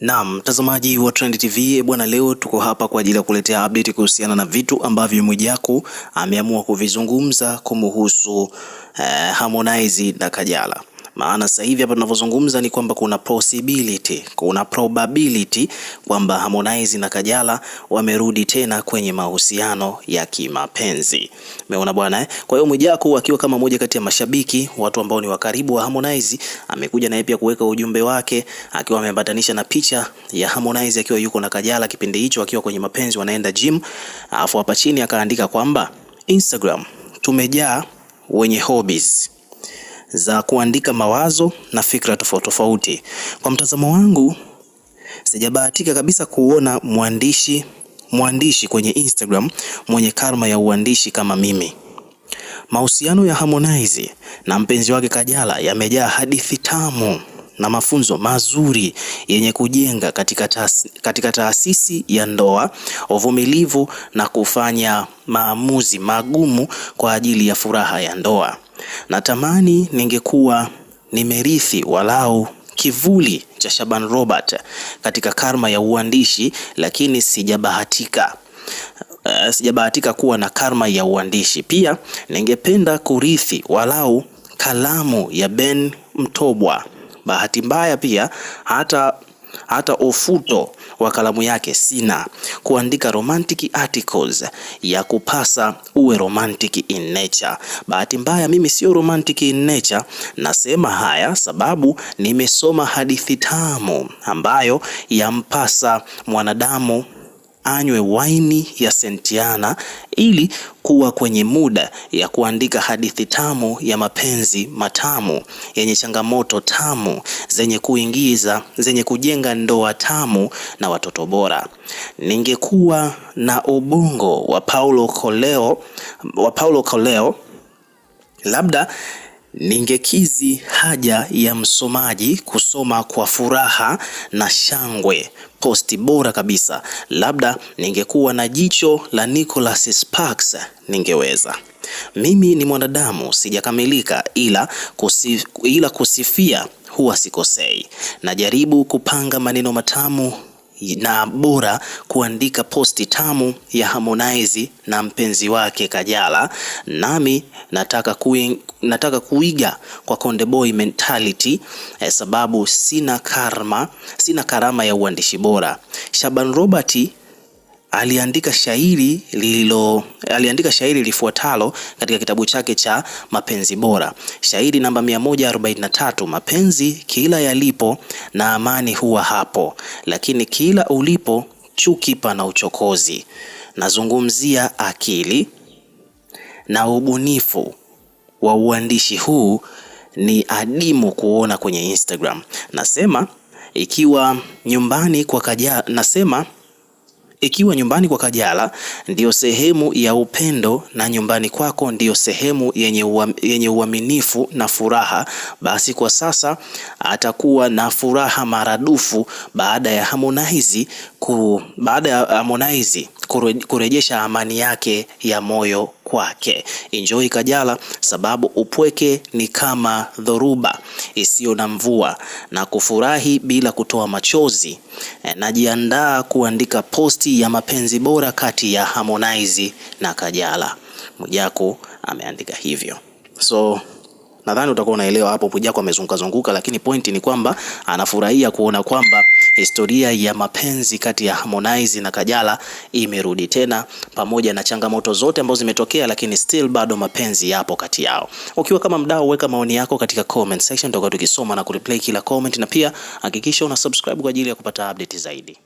Naam, mtazamaji wa Trend TV bwana, leo tuko hapa kwa ajili ya kuletea update kuhusiana na vitu ambavyo Mwijaku ameamua kuvizungumza kumhusu eh, Harmonize na Kajala maana sasa hivi hapa tunavyozungumza ni kwamba kuna possibility, kuna probability kwamba Harmonize na Kajala wamerudi tena kwenye mahusiano ya kimapenzi. Umeona bwana eh? Kwa hiyo Mwijaku akiwa kama moja kati ya mashabiki, watu ambao ni wa karibu wa Harmonize, amekuja naye pia kuweka ujumbe wake akiwa ameambatanisha na picha ya Harmonize akiwa yuko na Kajala kipindi hicho akiwa kwenye mapenzi wanaenda gym. Alafu hapa chini akaandika kwamba Instagram tumejaa wenye hobbies za kuandika mawazo na fikra tofauti tofauti. Kwa mtazamo wangu, sijabahatika kabisa kuona mwandishi mwandishi kwenye Instagram mwenye karma ya uandishi kama mimi. Mahusiano ya Harmonize na mpenzi wake Kajala yamejaa hadithi tamu na mafunzo mazuri yenye kujenga katika taas, katika taasisi ya ndoa, uvumilivu na kufanya maamuzi magumu kwa ajili ya furaha ya ndoa. Natamani ningekuwa nimerithi walau kivuli cha Shaban Robert katika karma ya uandishi, lakini sijabahatika. Uh, sijabahatika kuwa na karma ya uandishi. Pia ningependa kurithi walau kalamu ya Ben Mtobwa. Bahati mbaya pia hata hata ufuto wa kalamu yake sina. Kuandika romantic articles ya kupasa uwe romantic in nature. Bahati mbaya mimi sio romantic in nature. Nasema haya sababu nimesoma hadithi tamu ambayo yampasa mwanadamu anywe waini ya sentiana ili kuwa kwenye muda ya kuandika hadithi tamu ya mapenzi matamu yenye changamoto tamu zenye kuingiza zenye kujenga ndoa tamu na watoto bora. Ningekuwa na ubongo wa Paulo Koleo, wa Paulo Koleo labda ningekizi haja ya msomaji kusoma kwa furaha na shangwe posti bora kabisa. Labda ningekuwa na jicho la Nicholas Sparks ningeweza. Mimi ni mwanadamu sijakamilika, ila, kusif, ila kusifia huwa sikosei. Najaribu kupanga maneno matamu na bora kuandika posti tamu ya Harmonize na mpenzi wake Kajala. Nami nataka, kui, nataka kuiga kwa Konde Boy mentality eh, sababu sina karma, sina karama ya uandishi bora. Shaban Robert aliandika shairi lilo aliandika shairi lifuatalo katika kitabu chake cha Mapenzi Bora, shairi namba 143: mapenzi kila yalipo na amani huwa hapo, lakini kila ulipo chuki pana uchokozi. Nazungumzia akili na ubunifu wa uandishi huu ni adimu kuona kwenye Instagram. Nasema ikiwa nyumbani kwa Kajala, nasema ikiwa nyumbani kwa Kajala ndiyo sehemu ya upendo na nyumbani kwako ndiyo sehemu yenye, uam, yenye uaminifu na furaha, basi kwa sasa atakuwa na furaha maradufu baada ya Harmonize ku, baada ya Harmonize kurejesha amani yake ya moyo kwake. Enjoy Kajala, sababu upweke ni kama dhoruba isiyo na mvua, na kufurahi bila kutoa machozi. E, najiandaa kuandika posti ya mapenzi bora kati ya Harmonize na Kajala. Mwijaku ameandika hivyo, so nadhani utakuwa unaelewa hapo. Mwijaku amezungukazunguka, lakini pointi ni kwamba anafurahia kuona kwamba historia ya mapenzi kati ya Harmonize na Kajala imerudi tena, pamoja na changamoto zote ambazo zimetokea, lakini still bado mapenzi yapo kati yao. Ukiwa kama mdau, weka maoni yako katika comment section, tutakuwa tukisoma na kureplay kila comment, na pia hakikisha una subscribe kwa ajili ya kupata update zaidi.